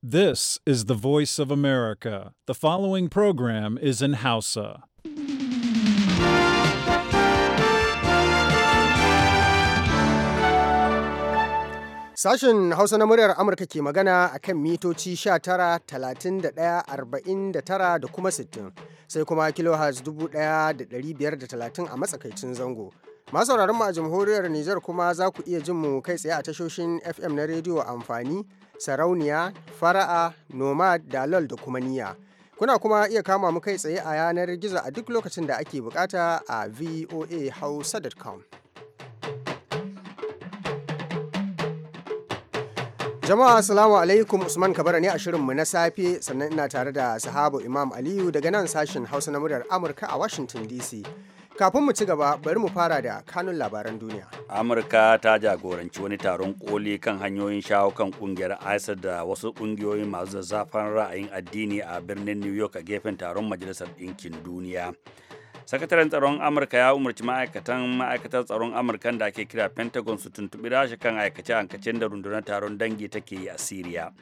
This is the voice of America. The following program is in Hausa. Sashen Hausa na muryar Amurka ke magana a kan mitoci 19, 31, 49 da kuma 60, sai kuma kilohertz 1530 a matsakaicin zango. masauraran mu a jamhuriyar Nijar kuma za ku iya jin mu kai tsaye a tashoshin FM na rediyo amfani, sarauniya, fara'a, nomad, dalol da kuma niya. Kuna kuma iya kama mu kai tsaye a yanar gizo a duk lokacin da ake bukata a voahausa.com. Jama'a Assalamu alaikum Usman Kabara ne a shirinmu na safe sannan ina tare da sahabu Imam Aliyu daga nan sashen Hausa na muryar Amurka a Washington DC. Kafin mu ci gaba, bari mu fara da kanun labaran duniya. Amurka ta jagoranci wani taron koli kan hanyoyin shawo kan kungiyar ISIS da wasu kungiyoyin masu zazzafan ra'ayin addini a birnin New York a gefen taron Majalisar Ɗinkin Duniya. sakataren tsaron amurka ya umarci ma'aikatan ma'aikatar tsaron amurkan da ake kira pentagon su tuntubi rasha kan aikace-aikacen da rundunar taron dangi take yi a siriya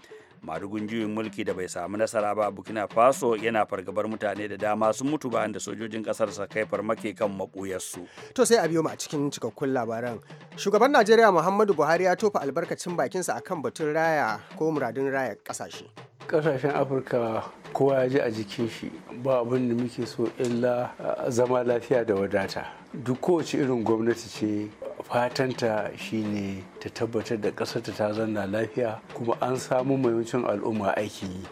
madugun juyin mulki da bai samu nasara ba bukina faso yana fargabar mutane da dama sun mutu bayan da sojojin kasar sa kai farmake kan maɓuyarsu to sai a biyo mu a cikin cikakkun labaran shugaban najeriya muhammadu buhari ya tofa albarkacin bakinsa akan batun raya ko muradun raya kasashe. kasashen afirka kowa ya ji a jikin shi ba abin da muke so illa ah, zama lafiya da wadata duk kowace irin gwamnati ce fatanta shine ta tabbatar da ƙasarta ta zanna lafiya kuma an samu mayancin al'umma aiki yi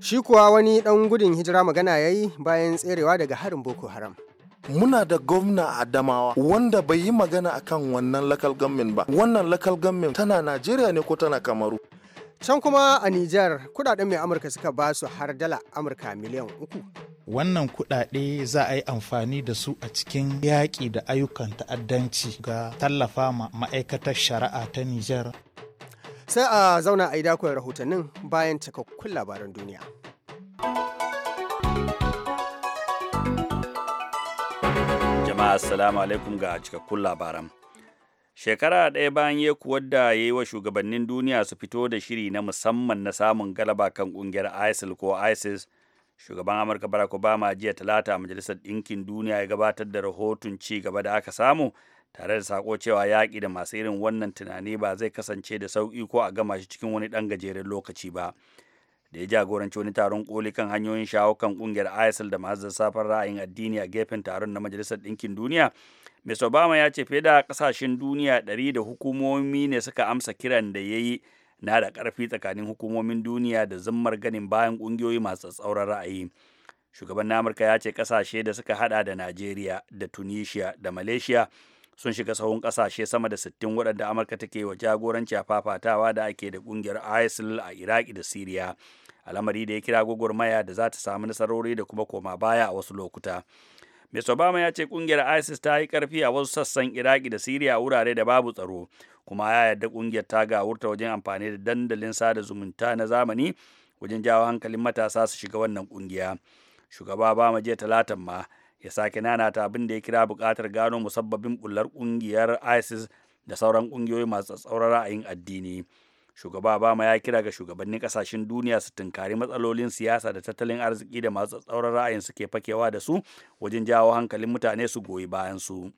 shi kuwa wani ɗan gudun hijira magana ya yi bayan tserewa daga harin boko haram muna da gwamna adamawa wanda bai yi magana akan wannan lakal gammin ba wannan lakal gammin tana najeriya ne ko tana kamaru Can kuma a Nijar kudaden mai Amurka suka ba su har dala Amurka miliyan uku. Wannan kudade za a yi amfani da su a cikin yaƙi da ayyukan ta'addanci ga tallafa ma ma'aikatar shari'a ta Nijar. Sai a zauna a yi dakon rahotannin bayan cikakkun labaran duniya. Jama'a assalamu alaikum ga cikakkun labaran. shekara ɗaya bayan ya wadda ya yi wa shugabannin duniya su fito da shiri na musamman na samun galaba kan ƙungiyar isil ko isis shugaban amurka barack obama jiya talata a majalisar ɗinkin duniya ya gabatar da rahoton ci gaba da aka samu tare da sako cewa yaƙi da masu irin wannan tunani ba zai kasance da sauƙi ko a gama shi cikin wani ɗan gajeren lokaci ba da ya jagoranci wani taron koli kan hanyoyin shawo kan kungiyar isil da masu safar ra'ayin addini a gefen taron na majalisar ɗinkin duniya mr obama ya ce fiye da ƙasashen duniya ɗari da hukumomi ne suka amsa kiran da ya yi na da ƙarfi tsakanin hukumomin duniya da zammar ganin bayan ƙungiyoyi masu tsauran ra'ayi shugaban na amurka ya ce kasashe da suka hada da najeriya da tunisia da malaysia sun shiga sahun kasashe sama da sittin waɗanda amurka take wa jagoranci a fafatawa da ake da ƙungiyar isil a iraki da siriya al'amari da ya kira gwagwarmaya da za ta samu nasarori da kuma koma baya a wasu lokuta Mr. Obama ya ce ƙungiyar ISIS ta yi karfi a wasu sassan Iraki da Siriya wurare da babu tsaro, kuma ya yarda kungiyar ta wurta wajen amfani da dandalin sada zumunta na zamani wajen jawo hankalin matasa su shiga wannan kungiya. Shugaba Obama jiya talatan ma ya sake nana ta abin da ya kira bukatar gano musabbabin bullar ƙungiyar ISIS da sauran ƙungiyoyi masu a ra'ayin addini. shugaba obama ya kira ga shugabannin kasashen duniya su tunkari matsalolin siyasa da tattalin arziki da masu tsauran ra'ayin suke fakewa da su wajen jawo hankalin mutane su goyi bayan su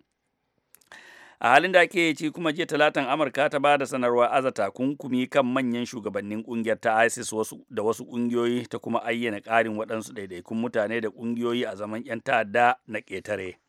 a halin da ake ci kuma jiya talatan amurka ta ba da sanarwar aza takunkumi kan manyan shugabannin kungiyar ta isis da wasu kungiyoyi ta kuma ayyana ƙarin waɗansu daidaikun mutane da kungiyoyi a zaman 'yan ta'adda na ƙetare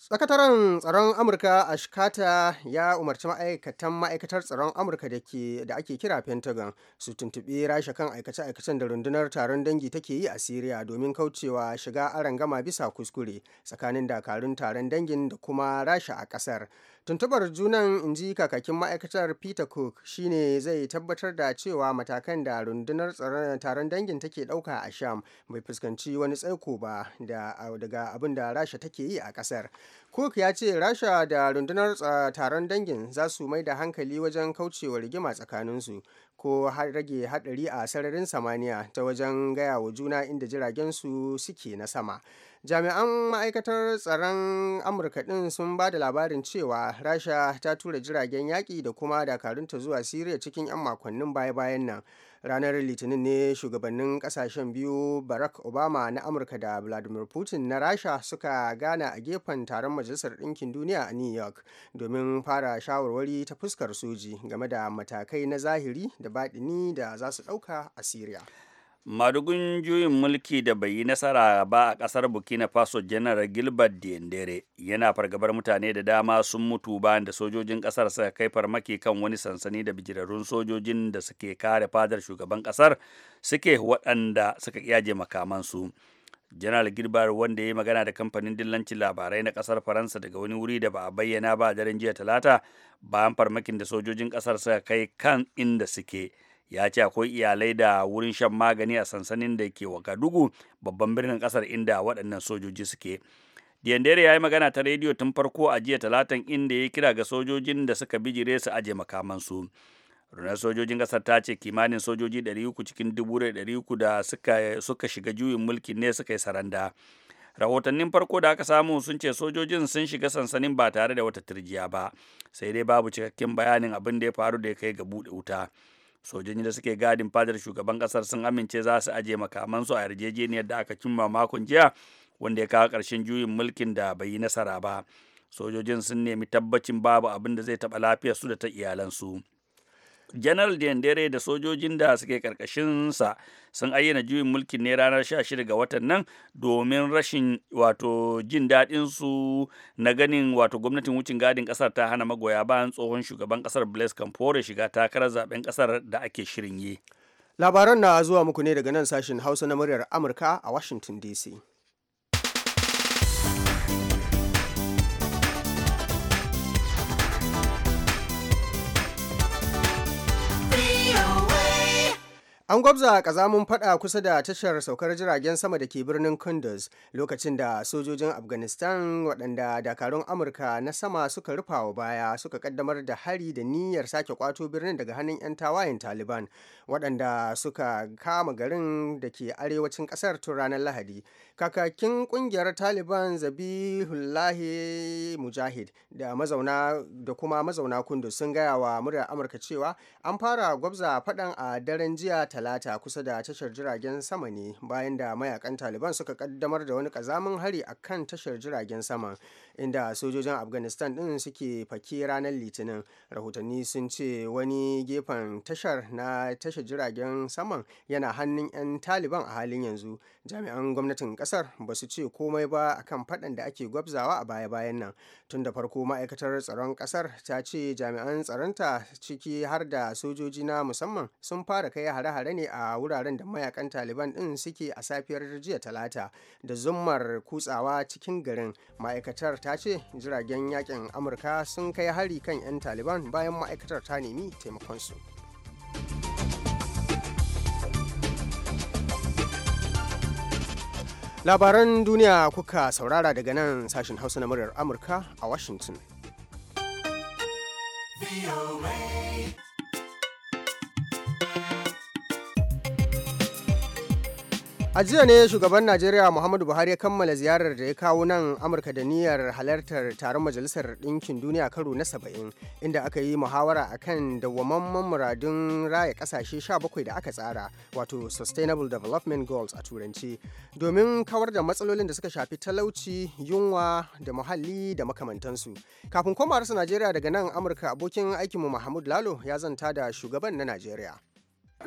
sakataren tsaron amurka a shikata ya umarci ma'aikatan ma'aikatar tsaron amurka da ake kira pentagon su tuntuɓi rasha kan aikace-aikacen da rundunar taron dangi take yi a syria domin kaucewa shiga gama bisa kuskure tsakanin dakarun taron dangin da kuma rasha a ƙasar tuntubar junan inji kakakin ma'aikatar peter cook shine zai tabbatar da cewa matakan da rundunar tsaron taron dangin take ɗauka a sham bai fuskanci wani tsaiko ba daga abin da rasha take yi a ƙasar cook ya ce rasha da rundunar taron dangin za su mai da hankali wajen kaucewa rigima tsakaninsu ko rage hadari a sararin samaniya ta wajen gaya wa juna inda jiragen su suke na sama jami'an ma'aikatar tsaron amurka din sun ba da labarin cewa rasha ta tura jiragen yaƙi da kuma dakarunta zuwa siriya cikin 'yan makonnin baya-bayan nan ranar litinin ne shugabannin kasashen biyu barack obama na amurka da vladimir putin na rasha suka gana a gefen taron majalisar ɗinkin duniya a new york domin fara shawarwari ta fuskar soji game da matakai na zahiri da baɗini da za su ɗauka a syria madugun juyin mulki da bai yi nasara ba a kasar burkina faso janar gilbert diendere yana fargabar mutane da dama sun mutu bayan da sojojin kasar suka kai farmaki kan wani sansani da bijirarrun sojojin da suke kare fadar shugaban kasar suke waɗanda suka iyaje makamansu janar gilbert wanda ya yi magana da kamfanin dillancin labarai na kasar faransa daga wani wuri da ba a bayyana ba a daren jiya talata bayan farmakin da sojojin kasar suka kai kan inda suke ya ce akwai iyalai da wurin shan magani a sansanin da ke wakadugu babban birnin kasar inda waɗannan sojoji suke diandere ya yi magana ta rediyo tun farko a jiya talatan inda ya kira ga sojojin da suka bijire su aje makamansu runar sojojin kasar ta ce kimanin sojoji 300 cikin 300 da suka shiga juyin mulki ne suka yi saranda rahotannin farko da aka samu sun ce sojojin sun shiga sansanin ba tare da wata turjiya ba sai dai babu cikakken bayanin abin da ya faru da ya kai ga buɗe wuta sojojin da suke gadin fadar shugaban kasar sun amince za su aje makamansu a yarjejeniyar da aka cimma makon jiya wanda ya kawo ƙarshen juyin mulkin da bai yi nasara ba sojojin sun nemi tabbacin babu abin da zai taɓa su da ta iyalansu General Dendere da sojojin da suke karkashinsa sun ayyana juyin mulkin ne ranar 16 ga watan nan domin rashin wato jin daɗin su na ganin wato gwamnatin wucin gadin ƙasar ta hana magoya bayan tsohon shugaban ƙasar Blaise Compaore shiga takarar zaben ƙasar da ake shirin yi. Labaran na zuwa muku ne daga nan sashen Hausa na muryar Amurka a Washington DC. An gwabza kazamun faɗa kusa da tashar saukar jiragen sama da ke birnin Kunduz lokacin da sojojin Afghanistan waɗanda dakarun Amurka na sama suka rufa wa baya suka kaddamar da hari da niyyar sake kwato birnin daga hannun 'yan tawayen Taliban waɗanda suka kama garin da ke arewacin ƙasar tun ranar Lahadi. Kakakin kungiyar Taliban Zabihullahi Mujahid da mazauna da kuma mazauna kundu sun gaya wa murya Amurka cewa an fara gwabza fadan a daren jiya talata kusa da tashar jiragen sama ne bayan da mayakan Taliban suka kaddamar da wani kazamin hari a kan tashar jiragen sama inda sojojin Afghanistan din suke fake ranar Litinin. Rahotanni sun ce wani gefen tashar na tashar jiragen saman yana hannun 'yan Taliban a halin yanzu. Jami'an gwamnatin kasar ba su ce komai ba akan faɗan da ake gwabzawa a baya-bayan nan tun da farko ma'aikatar tsaron kasar ta ce jami'an tsaronta ciki har da sojoji na musamman sun fara kai hare-hare ne a wuraren da mayakan taliban ɗin suke a safiyar jiya talata da zummar kutsawa cikin garin ma'aikatar ta ce jiragen yakin amurka sun kai hari kan 'yan taliban bayan ma'aikatar ta nemi taimakonsu. su labaran duniya kuka saurara daga nan sashen hausa na muryar amurka a washington VOA. A jiya ne shugaban Najeriya Muhammadu Buhari ya kammala ziyarar da ya kawo nan Amurka da niyyar halartar taron Majalisar Ɗinkin Duniya karo na saba'in inda aka yi muhawara akan dawwamamman muradun raya ƙasashe bakwai da aka tsara wato Sustainable Development Goals a Turanci domin kawar da matsalolin da suka shafi talauci, yunwa da muhalli da makamantansu. Kafin komawarsa Najeriya daga nan Amurka abokin aikinmu Mahmud Lalo ya zanta da shugaban na Najeriya.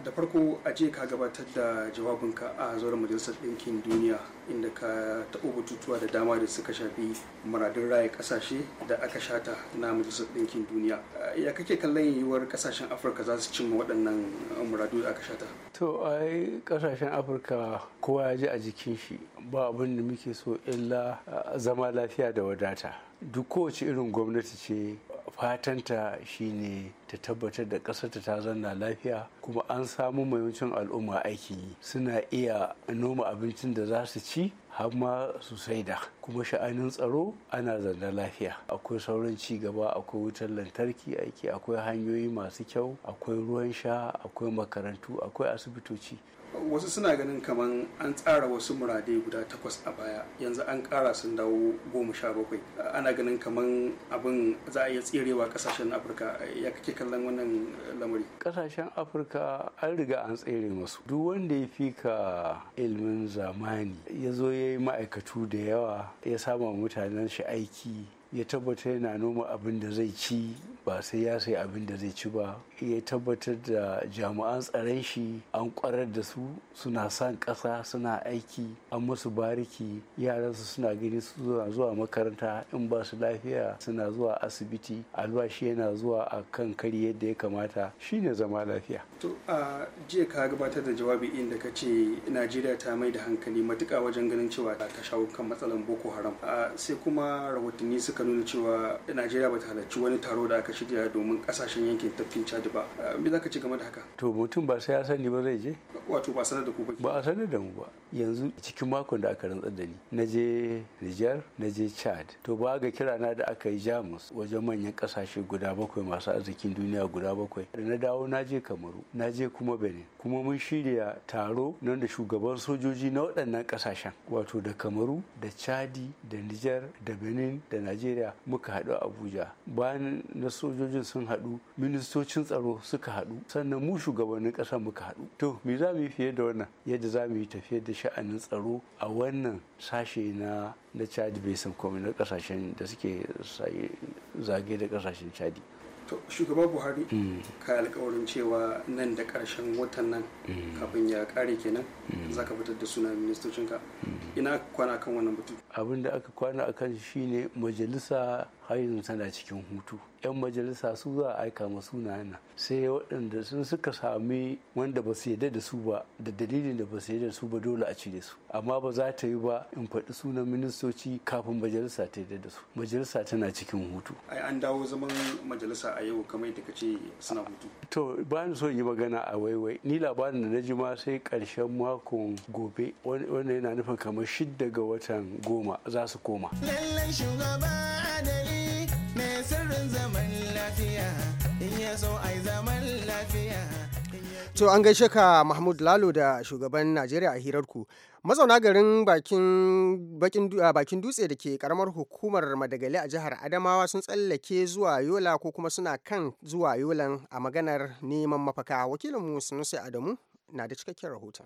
da farko a je ka gabatar da jawabinka a zauren majalisar ɗinkin duniya inda ka taɓo batutuwa da dama da suka shafi muradun raya ƙasashe da aka shata na majalisar ɗinkin duniya ya kake kallon yiwuwar ƙasashen afirka za su cimma waɗannan muradu da aka shata to ai ƙasashen afirka kowa ya ji a jikin shi ba abin da muke so illa ah, zama lafiya da wadata duk kowace irin gwamnati ce fatanta shine ta tabbatar da ƙasarta ta zanna lafiya kuma an samu mayancin al'umma aikin yi suna iya noma abincin da za su ci har ma su saida kuma sha'anin tsaro ana zanna lafiya akwai sauran ci gaba akwai wutar lantarki aiki akwai hanyoyi masu kyau akwai ruwan sha akwai makarantu akwai asibitoci wasu suna ganin kamar an tsara wasu muradai guda takwas a baya yanzu an kara sun dawo goma sha bakwai ana ganin kamar abin za a iya tserewa kasashen afirka ya kake kallon wannan lamari kasashen afirka an riga an tsere masu duk wanda ya fi ka ilimin zamani ya zo ya yi ma'aikatu da yawa ya sama mutanen shi aiki ya tabbata yana noma abin da zai ci ba sai ya sai abin da zai ci ba ya tabbatar da jami'an tsaron shi an kwarar da su suna son ƙasa suna aiki an musu bariki yaransu suna gani suna zuwa makaranta in ba su lafiya suna zuwa asibiti albashi yana zuwa a kan kari yadda ya kamata shi ne zama lafiya to a jiya ka gabatar da jawabi inda ka ce najeriya ta mai da hankali matuƙa wajen ganin cewa ta shawo kan matsalan boko haram sai kuma rahotanni suka nuna cewa najeriya ba ta halarci wani taro da aka shirya domin kasashen yankin tafkin caji ba eh, me zaka ce game da haka to mutum ba sai ya sani ba zai je wato ba sanar da ku ba ba a sanar da mu ba yanzu cikin makon da aka rantsar da ni na je Niger na je Chad to ba ga kira na da aka yi Jamus wajen manyan kasashe guda bakwai masu arzikin duniya guda bakwai da na dawo na je Kamaru na je kuma Benin kuma mun shirya taro nan da shugaban sojoji na waɗannan kasashen wato da Kamaru da Chadi da Niger da Benin da Najeriya muka haɗu a Abuja bayan na sojojin sun haɗu ministocin tsaro suka haɗu sannan mu shugabannin ƙasa muka haɗu to me za mu yi fiye da wannan yadda za mu yi tafiye da sha'anin tsaro a wannan sashe na na chad basin kuma na ƙasashen da suke zage da ƙasashen chadi to shugaba buhari hmm. ka alkawarin cewa nan da ƙarshen watan nan hmm. kafin ya ƙare kenan hmm. za ka fitar da suna ministocinka ina kwana kan wannan batu abin da aka kwana akan shine majalisa har yanzu tana cikin hutu yan majalisa su za a aika ma suna yana sai waɗanda sun suka sami wanda ba su yarda da su ba da dalilin da ba su yadda da su ba dole a cire su amma ba za ta yi ba in faɗi sunan ministoci kafin majalisa ta yadda da su majalisa tana cikin hutu ai an dawo zaman majalisa a yau kamar yadda kace suna hutu to ba ni so yi magana a waiwai ni labarin da na ji ma sai karshen makon gobe wanda yana nufin kamar shidda ga watan goma za su koma lallai shugaba adali zaman ai zaman lafiya to an gaishe ka mahmud lalo da shugaban najeriya a hirarku mazauna garin bakin dutse da ke karamar hukumar madagali a jihar adamawa sun tsallake zuwa yola ko kuma suna kan zuwa yolan a maganar neman mafaka wakilinmu sunusi adamu na da cikakken rahoton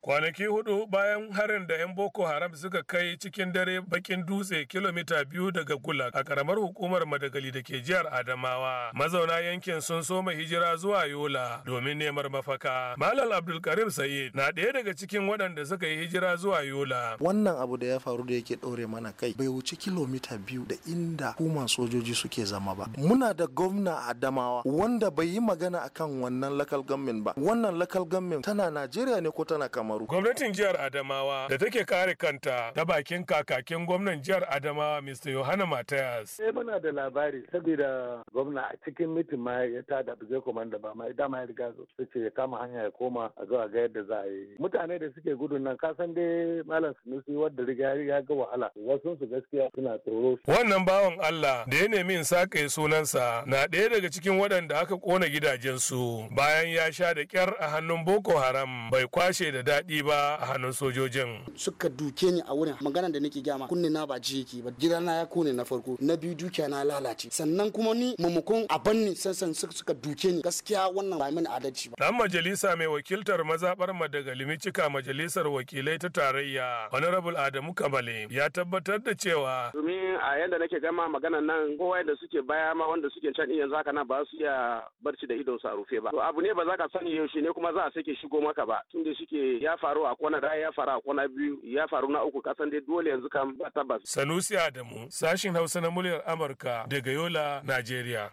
Kwanaki hudu bayan harin da 'yan Boko Haram suka kai cikin dare bakin dutse kilomita biyu daga Gulag a karamar hukumar Madagali da ke jihar Adamawa. Mazauna yankin sun soma hijira zuwa Yola domin neman mafaka. Malal Abdulkarim Sa'id na ɗaya daga cikin waɗanda suka yi hijira zuwa Yola. Wannan abu da ya faru da yake ɗaure mana kai bai wuce kilomita biyu da inda hukumar sojoji suke zama ba. Muna da gwamna Adamawa wanda bai yi magana akan wannan lakal gamin ba. Wannan lakal gamin tana Najeriya ne ko tana kama Gwamnatin jihar Adamawa da take kare kanta ta bakin kakakin gwamnan jihar Adamawa Mr. Yohana Matayas. Eh muna da labari saboda gwamna a cikin mitin ma ya da zai komanda ba ma dama ya riga su ce ya kama hanya ya koma a zuwa ga yadda za a yi. Mutane da suke gudun nan ka san dai Malam Sunusi wadda riga ya ga wahala wasu su gaskiya suna tsoro. Wannan bawan Allah da ya nemi in sake sunansa na ɗaya daga cikin waɗanda aka kona gidajensu bayan ya sha da kyar a hannun Boko Haram bai kwashe da da daɗi ba a hannun sojojin suka duke ni a wurin magana da nake gyama kunne na ba jiki yake ba n'a ya kone na farko na biyu dukiya na lalace sannan kuma ni mamakon a banni sansan suka duke ni gaskiya wannan ba mini adalci ba dan majalisa mai wakiltar mazabar madagalimi cika majalisar wakilai ta tarayya honorable adamu kamale ya tabbatar da cewa domin a yadda nake gama maganan nan kowa da suke baya ma wanda suke can yanzu zaka na ba su iya barci da idon su a rufe ba to abu ne ba za ka sani yaushe ne kuma za a sake shigo maka ba tunda suke ya faru a kona daya ya faru a kona biyu ya faru na uku kasan dai dole yanzu kan ba tabbas. Sanusi Adamu sashin Hausa na muryar Amurka daga Yola, Najeriya.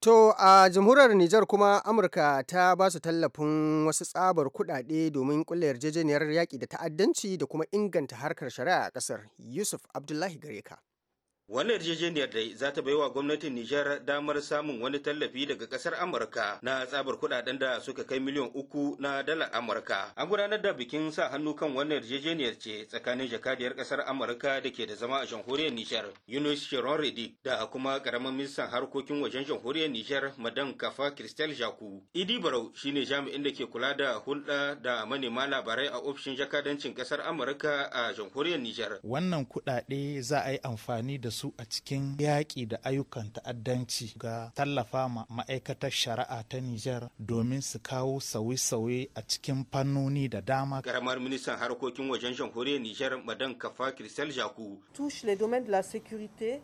To a jamhuriyar Nijar kuma Amurka ta ba su tallafin wasu tsabar kuɗaɗe domin kulle yarjejeniyar yaƙi da ta'addanci da kuma inganta harkar shari'a a ƙasar Yusuf Abdullahi Gareka. Wannan yarjejeniyar da za ta baiwa gwamnatin Nijar damar samun wani tallafi daga kasar Amurka na tsabar kudaden da suka kai miliyan uku na dalar Amurka. An gudanar da bikin sa hannu kan wannan yarjejeniyar ce tsakanin jakadiyar kasar Amurka da ke da zama a jamhuriyar Nijar, Yunus Sharon Redi da kuma karamin ministan harkokin wajen jamhuriyar Nijar madan Kafa Christel Jaku. Idi Barau shine jami'in da ke kula da hulɗa da manema labarai a ofishin jakadancin kasar Amurka a jamhuriyar Nijar. Wannan kuɗaɗe za a yi amfani da su a cikin yaƙi da ayyukan ta'addanci ga tallafa ma ma'aikatar shari'a ta Nijar domin su kawo sauye-sauye a cikin fannoni da dama. Karamar ministan harkokin wajen jamhuriyar Nijar Madan Kafa Kirsel Jaku. Touche les domaines de la sécurité,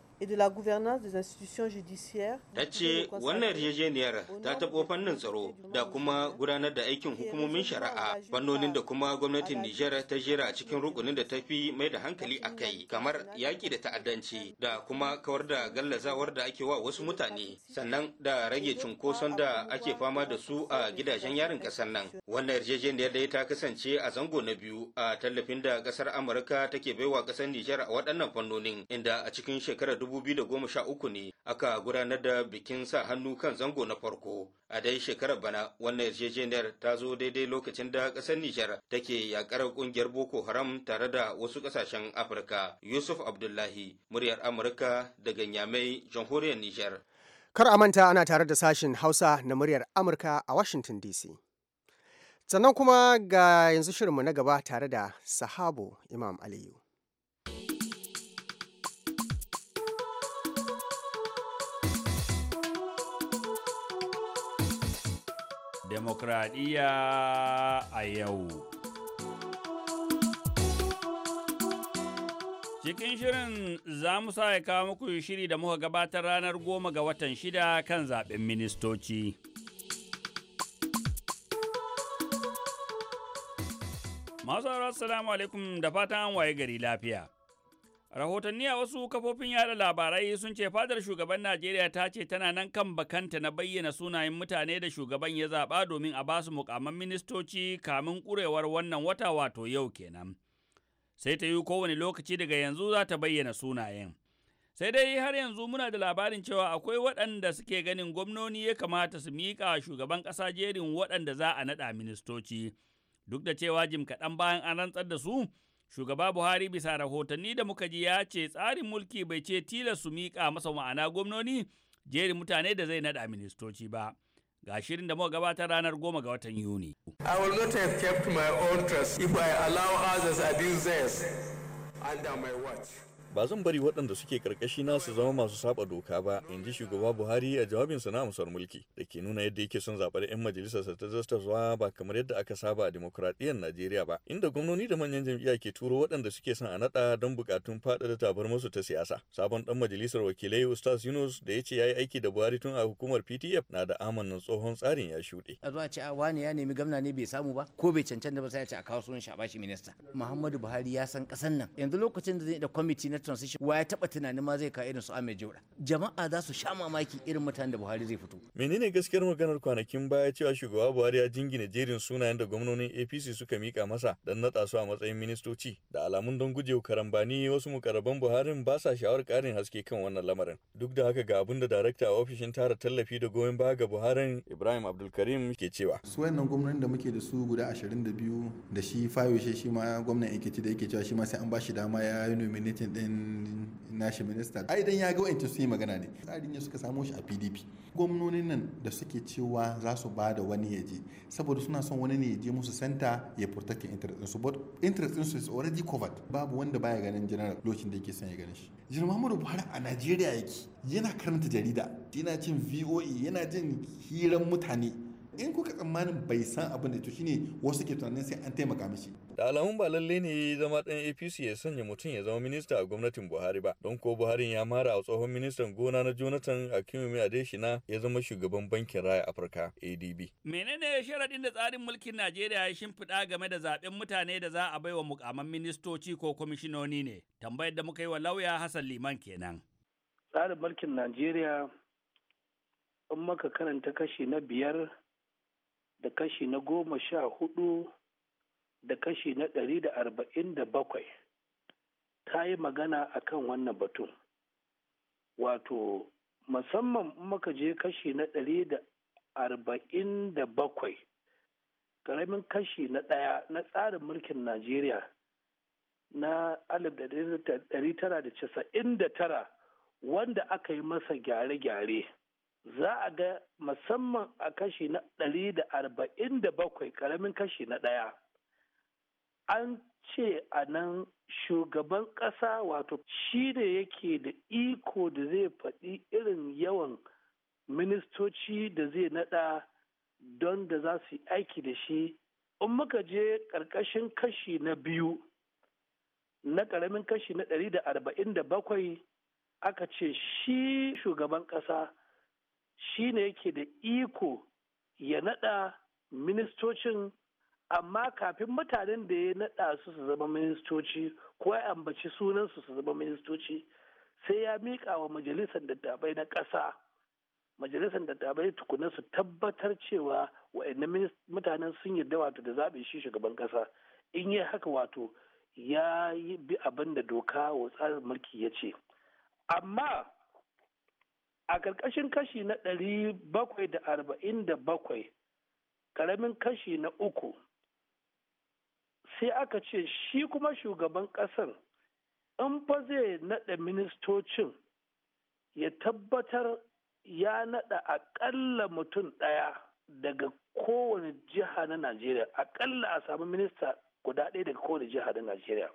Ta ce wannan yarjejeniyar ta taɓo fannin tsaro da kuma gudanar da aikin hukumomin shari'a fannonin da kuma gwamnatin Nijar ta jera a cikin rukunin da ta fi mai da hankali a kai kamar yaƙi da ta'addanci da kuma kawar da gallazawar da ake wa wasu mutane sannan da rage cunkoson da ake fama da su a gidajen yarin ƙasar nan. Wannan yarjejeniyar dai ta kasance a zango na biyu a tallafin da ƙasar Amurka take baiwa ƙasar Nijar a waɗannan fannonin inda a cikin shekarar dubu 2013 ne aka gudanar da bikin sa hannu kan zango na farko. A dai shekarar bana wannan yarjejeniyar ta zo daidai lokacin da ƙasar Nijar take yakar kungiyar Boko Haram tare da wasu ƙasashen Afirka. Yusuf Abdullahi, muryar Amurka daga Nyamai, jamhuriyar Nijar. Kar a manta ana tare da sashin Hausa na muryar Amurka a Washington DC. Sannan kuma ga yanzu shirinmu na gaba tare da Sahabo Imam Aliyu. demokradiyya a yau. Cikin shirin za mu sa kawo muku shiri da muka gabatar ranar goma ga watan shida kan zaɓen ministoci. Masu salamu alaikum da fatan an waye gari lafiya. Rahotanni a wasu kafofin yada labarai sun ce fadar shugaban Najeriya ta ce tana nan kan bakanta na bayyana sunayen mutane da shugaban ya zaɓa domin a basu mukamman ministoci kamin ƙurewar wannan wata wato yau kenan. Sai ta yi kowane lokaci daga yanzu za ta bayyana sunayen. Sai dai har yanzu muna da labarin cewa akwai waɗanda suke ganin gwamnoni ya kamata su miƙa shugaban ƙasa jerin waɗanda za a naɗa ministoci. Duk da cewa jim kaɗan bayan an rantsar da su, Shugaba Buhari bisa rahotanni da muka ji ya ce tsarin mulki bai ce tilas su miƙa masa ma'ana gwamnoni jerin mutane da zai naɗa ministoci ba. ga shirin da muka gabatar ranar goma ga watan Yuni. I will not have kept my own if I allow others abuse theirs under my watch. ba zan bari waɗanda suke karkashi na su zama masu saba doka ba in ji shugaba buhari a jawabinsa na amsar mulki da ke nuna yadda yake son zaɓar 'yan majalisarsa ta zuwa ba kamar yadda aka saba a dimokuraɗiyyar najeriya ba inda gwamnoni da manyan jam'iyya ke turo waɗanda suke son a naɗa don buƙatun faɗaɗa tabar musu ta siyasa sabon ɗan majalisar wakilai ustaz yunus da ya ce ya yi aiki da buhari tun a hukumar ptf na da amannin tsohon tsarin ya shuɗe. a zuwa ce a wani ya nemi gwamna ne bai samu ba ko bai cancanta ba sai a ce a kawo sunan shi minista muhammadu buhari ya san ƙasan nan yanzu lokacin da zai da kwamiti na transition wa ya taba tunanin ma zai ka irin su Ahmed Jaura jama'a za su sha mamaki irin mutanen da Buhari zai fito menene gaskiyar maganar kwanakin baya cewa shugaba Buhari ya jingina jerin sunayen da gwamnonin APC suka mika masa dan natsa su a matsayin ministoci da alamun don gujewa karambani wasu mukarraban Buharin ba sa sha'awar karin haske kan wannan lamarin duk da haka ga abin da darakta a ofishin tara tallafi da goyon baya ga Buharin Ibrahim Abdulkarim ke cewa su wayannan gwamnonin da muke da su guda 22 da shi fayoshe shi ma gwamnan Ekiti da yake cewa shi ma sai an ba dama ya yi nominating din mataimakin nashi minista ai idan ya ga wa'ancin su yi magana ne tsarin ya suka samo shi a pdp gwamnonin nan da suke cewa za su ba da wani ya je saboda suna son wani ne ya je musu santa ya protect interest su but interest su is already covered babu wanda baya ganin general lokacin da yake son ya ganin shi jiran muhammadu buhari a najeriya yake yana karanta jarida yana cin voe yana jin hiran mutane in kuka tsammanin bai san abin da to shine wasu ke tunanin sai an taimaka mishi da alamun ba lalle ne zama dan APC ya sanya mutum ya zama minista a gwamnatin Buhari ba don ko Buhari ya mara a tsohon ministan gona na Jonathan Akinwumi Adeshina ya zama shugaban bankin Raya Afirka ADB menene sharadin da tsarin mulkin Najeriya ya shimfiɗa game da zaben mutane da za a bai wa mukaman ministoci ko kwamishinoni ne tambayar da muka yi wa lauya Hassan Liman kenan tsarin mulkin Najeriya in maka karanta kashi na biyar da kashi na goma sha hudu da kashi na ɗari da arba'in da bakwai ta yi magana a kan wannan batun wato musamman maka je kashi na ɗari da arba'in da bakwai ƙaramin kashi na ɗaya na tsarin mulkin najeriya na alif da tara wanda aka yi masa gyare-gyare za a ga musamman a kashi na ɗari da arba'in da bakwai ƙaramin kashi na ɗaya an ce a nan shugaban ƙasa wato shi ne yake da iko da zai faɗi irin yawan ministoci da zai naɗa don da za su yi aiki da shi in muka je ƙarƙashin kashi na biyu na ƙaramin kashi na ɗari da arba'in da bakwai aka ce shi shugaban ƙasa shi ne yake da iko ya naɗa ministocin amma kafin mutanen da ya naɗa su su zama ministoci ko ya ambaci sunansu su zama ministoci sai ya miƙa wa majalisar dattabai na ƙasa majalisar dattabai tukuna su tabbatar cewa wa'annan mutanen sun yarda wato da zaɓe shi shugaban ƙasa in yi haka wato ya yi bi abin da doka wa tsarin mulki ya ce amma a ƙarƙashin kashi na ɗari bakwai da arba'in da bakwai ƙaramin kashi na uku sai aka ce shi kuma shugaban ƙasar in fa zai naɗa ministocin ya tabbatar ya naɗa aƙalla mutum ɗaya daga kowane jiha na najeriya aƙalla a samu minista guda ɗaya daga kowane jiha na najeriya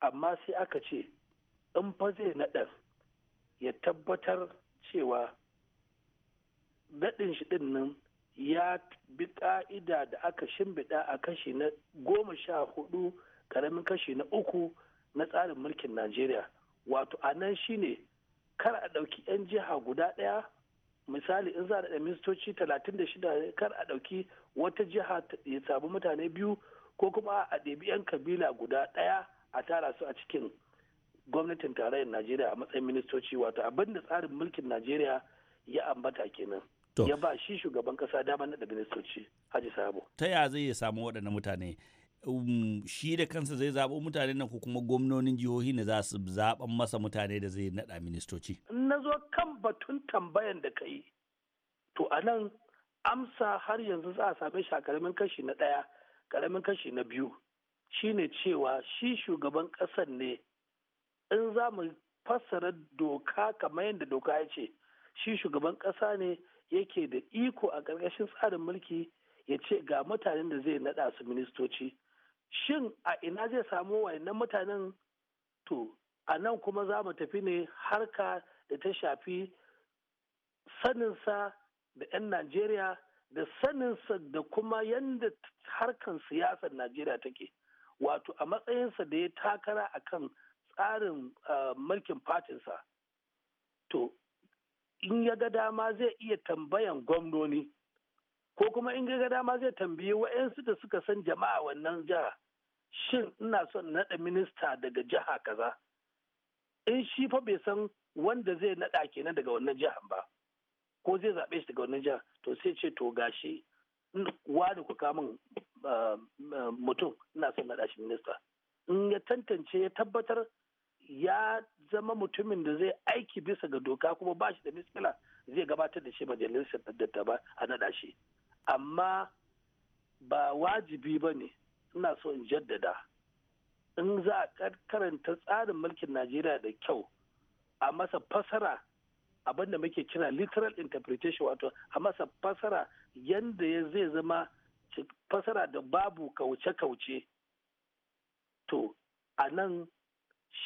amma sai aka ce in fa zai naɗa ya tabbatar cewa daɗin shi ɗin nan ya bi ƙa'ida da aka shimbiɗa a kashi na goma sha hudu ƙaramin kashi na uku na tsarin mulkin Najeriya. Wato a nan shi ne kar a ɗauki 'yan jiha guda ɗaya misali in za a da ministoci 36 kar a ɗauki wata jiha ya samu mutane biyu ko kuma a ɗebi 'yan kabila guda ɗaya a tara su a cikin gwamnatin tarayyar najeriya a matsayin ministoci wato abinda tsarin mulkin najeriya ya ambata kenan ya ba shi shugaban kasa dama na ministoci haji sabo ta ya zai ya samu waɗannan mutane um, shi da kansa zai zaɓo mutane nan ko kuma gwamnonin jihohi ne za su zaɓan masa mutane da zai naɗa ministoci na zo kan batun tambayan da ka yi to a nan amsa har yanzu za a same shi a karamin kashi na ɗaya karamin kashi na biyu shine cewa shi shugaban ƙasan ne in za mu fassara doka kamar yadda doka ya ce shi shugaban ƙasa ne yake da iko a ƙarƙashin tsarin mulki ya ce ga mutanen da zai naɗa su ministoci shin a ina zai samu wayannan mutanen to a nan kuma za mu tafi ne harka da ta shafi saninsa da 'yan najeriya da saninsa da kuma yadda harkan siyasar najeriya take wato a matsayinsa da ya takara a kan. tsarin eh, mulkin fatinsa to in ya ga dama zai iya tambayan gwamnoni ko kuma in ga dama zai tambayi wa'yansu da suka san jama'a wannan jiha shin ina son naɗa minista daga jiha kaza in shi fa bai san wanda zai naɗa kenan daga wannan jihar ba ko zai zaɓe shi daga wannan jihar to sai ce to gashi wani ku kamun eh, eh, mutum ina son naɗa shi minista in ya tantance ya tabbatar ya zama mutumin da zai aiki bisa ga doka kuma ba shi da miskila zai gabatar da shi majalisar da ba a naɗa shi amma ba wajibi ba ne ina so in jaddada in za a karanta tsarin mulkin najeriya da kyau a masa fasara abin da muke kira literal interpretation wato a masa fasara yadda ya zai zama fasara da babu kauce-kauce to a nan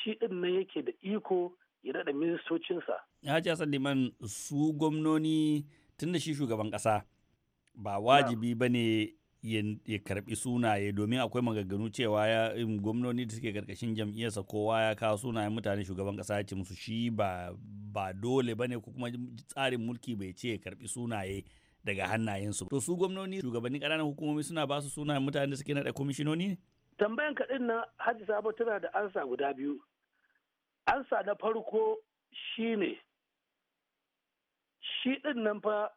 shi ɗin nan yake da iko ya daɗa ministocinsa. Haji Hassan Liman su gwamnoni tun da shi shugaban ƙasa ba wajibi ba ne ya karɓi sunaye domin akwai maganganu cewa ya gwamnoni da suke karkashin jam'iyyarsa kowa ya kawo sunayen mutane shugaban ƙasa ya ce musu shi ba dole ba ne ko kuma tsarin mulki bai ce ya karɓi sunaye daga hannayensu. To su gwamnoni shugabannin ƙananan hukumomi suna ba su sunayen mutane da suke naɗa kwamishinoni ne? tambayan kaɗin na hajji sabo tana da ansa guda biyu ansa na farko shine shi ɗin nan fa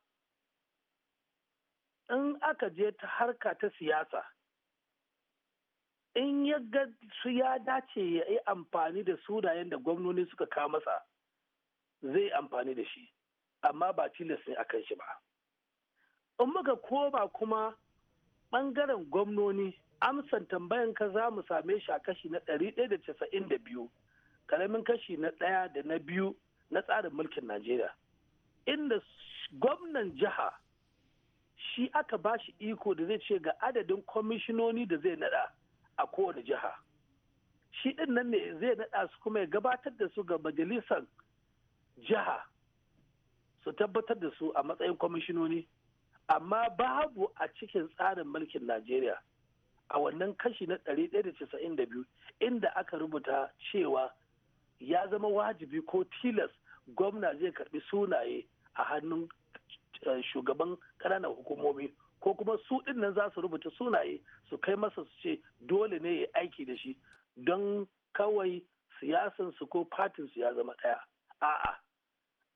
in aka je ta harka ta siyasa in ya ga su ya dace ya yi amfani da sunayen da gwamnoni suka kawo masa zai amfani da shi amma ba tilas ne akan shi ba in muka koma kuma ɓangaren gwamnoni amsan tambayan ka za mu same shi a kashi na ɗari ɗaya da casa'in da biyu karamin kashi na ɗaya da na biyu na tsarin mulkin najeriya inda gwamnan jiha shi aka ba shi iko da zai ce ga adadin kwamishinoni da zai naɗa a kowane jiha shi ɗin nan ne zai naɗa su kuma ya gabatar da su ga majalisan jiha su tabbatar da su a matsayin kwamishinoni amma babu a cikin tsarin mulkin najeriya a wannan kashi na 192 inda aka rubuta cewa ya zama wajibi ko tilas gwamna zai karbi sunaye a hannun eh, shugaban ƙananan hukumomi ko kuma su ɗin nan za su rubuta sunaye su kai masa su ce dole ne ya aiki da shi don kawai siyasansu ko fatinsu ya zama ɗaya. A'a,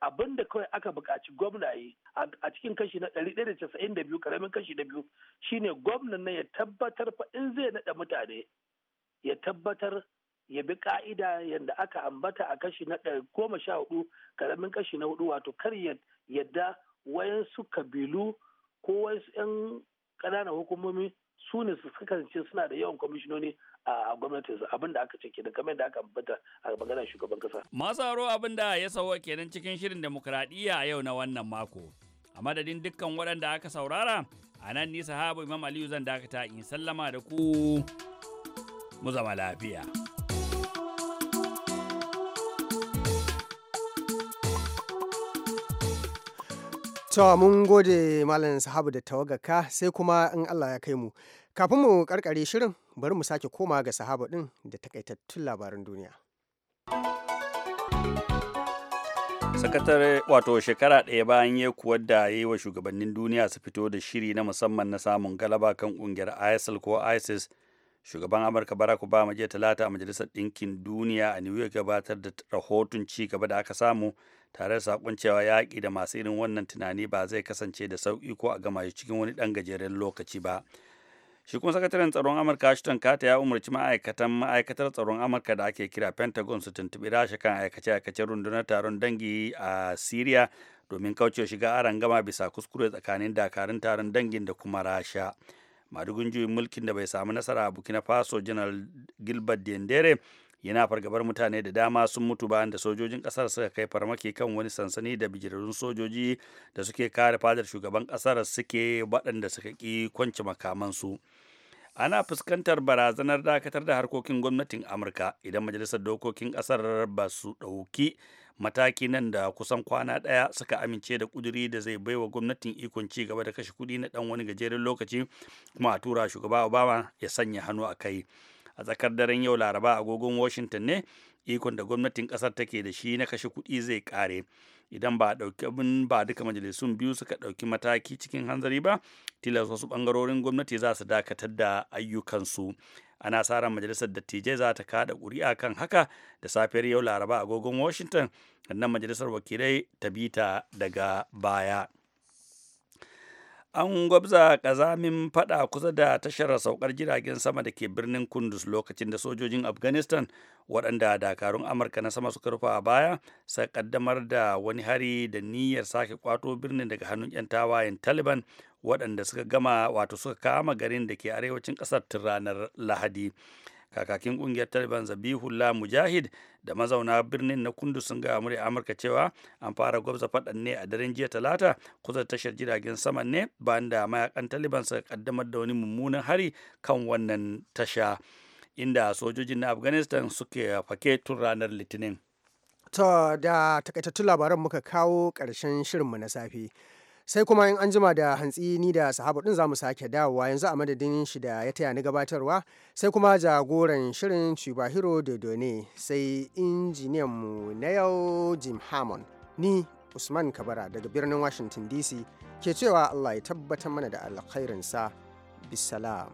abin da kawai aka buƙaci gwamna yi a cikin kashi na ɗari ɗaya da casa'in da biyu ƙaramin kashi na biyu shine gwamnan na ya tabbatar fa in zai naɗa mutane ya tabbatar ya bi ƙa'ida yadda aka ambata a kashi na ɗari goma sha hudu karamin kashi na hudu wato kar yadda wayansu kabilu ko wayansu 'yan ƙananan hukumomi su ne su kasance suna da yawan kwamishinoni a gwamnatinsa abin da aka ce kenan kamar da aka ambata a maganar shugaban kasa. Masaro abin da ya sauwa kenan cikin shirin demokuraɗiyya a yau na wannan mako. A madadin dukkan waɗanda aka saurara, a nan ni habu Imam Aliyu zan dakata in sallama da ku mu zama lafiya. To mun gode Malam Sahabu da tawagaka sai kuma in Allah ya kai mu. Kafin mu karkare shirin bari mu sake koma ga sahaba ɗin da takaitattun labaran duniya. sakatare wato shekara ɗaya bayan ya kuwar da yi wa shugabannin duniya su fito da shiri na musamman na samun galaba kan ƙungiyar isil ko isis shugaban amurka barack obama jiya talata a majalisar ɗinkin duniya a new york gabatar da rahoton ci gaba da aka samu tare da sakon cewa yaƙi da masu irin wannan tunani ba zai kasance da sauƙi ko a gama cikin wani ɗan gajeren lokaci ba. shi kuma sakataren tsaron amurka ashton kata ya umarci ma'aikatan ma'aikatar tsaron amurka da ake kira pentagon su tuntubi rasha kan aikace-aikacen rundunar taron dangi a syria domin kaucewa shiga aran gama bisa kuskure tsakanin dakarun taron dangin da kuma rasha madugun juyin mulkin da bai samu nasara a bukina faso janar gilbert dendere yana fargabar mutane da dama sun mutu bayan da sojojin kasar suka kai farmaki kan wani sansani da bijirarrun sojoji da suke kare fadar shugaban kasar suke waɗanda suka ƙi kwanci makamansu ana fuskantar barazanar dakatar da harkokin gwamnatin amurka idan majalisar dokokin kasar ba su ɗauki mataki nan da kusan kwana ɗaya suka amince da kuduri da zai baiwa gwamnatin ikon ci gaba da kashe kuɗi na ɗan wani gajeren lokaci kuma a tura shugaba obama ya sanya hannu a kai a tsakar daren yau laraba agogon washington ne ikon da gwamnatin kasar take da shi na kashe kuɗi zai kare idan ba abin ba duka majalisun biyu suka dauki mataki cikin hanzari ba tilas wasu bangarorin gwamnati za su dakatar da ayyukansu ana sa ran majalisar dattijai za ta kada ƙuri'a kan haka da safiyar yau laraba agogon washington sannan majalisar wakilai ta bita daga baya an gwabza ƙazamin fada kusa da tashar saukar jiragen sama da ke birnin kundus lokacin da sojojin afghanistan waɗanda dakarun amurka na sama suka rufa a baya sa ƙaddamar da wani hari da niyyar sake kwato birnin daga hannun 'yan tawayen taliban waɗanda suka gama wato suka kama garin da ke arewacin ƙasar ranar lahadi kakakin ƙungiyar taliban zabihullah mujahid da mazauna birnin na kundu sun ga murya amurka cewa an fara gwabza faɗan ne a daren jiya talata kusa tashar jiragen saman ne bayan da mayakan taliban suka kaddamar da wani mummunan hari kan wannan tasha inda sojojin na afghanistan suke fake tun ranar litinin to da takaitattun labaran muka kawo ƙarshen shirinmu na safe sai kuma in an jima da hantsi ni da sahabu din zamu sake dawowa yanzu a madadin shi da ya taya ni gabatarwa sai kuma jagoran shirin Chibahiro Dodone sai injiniyan mu na yau Jim Hammond ni Usman Kabara daga birnin Washington DC ke cewa Allah ya tabbatar mana da alkhairinsa bisalam.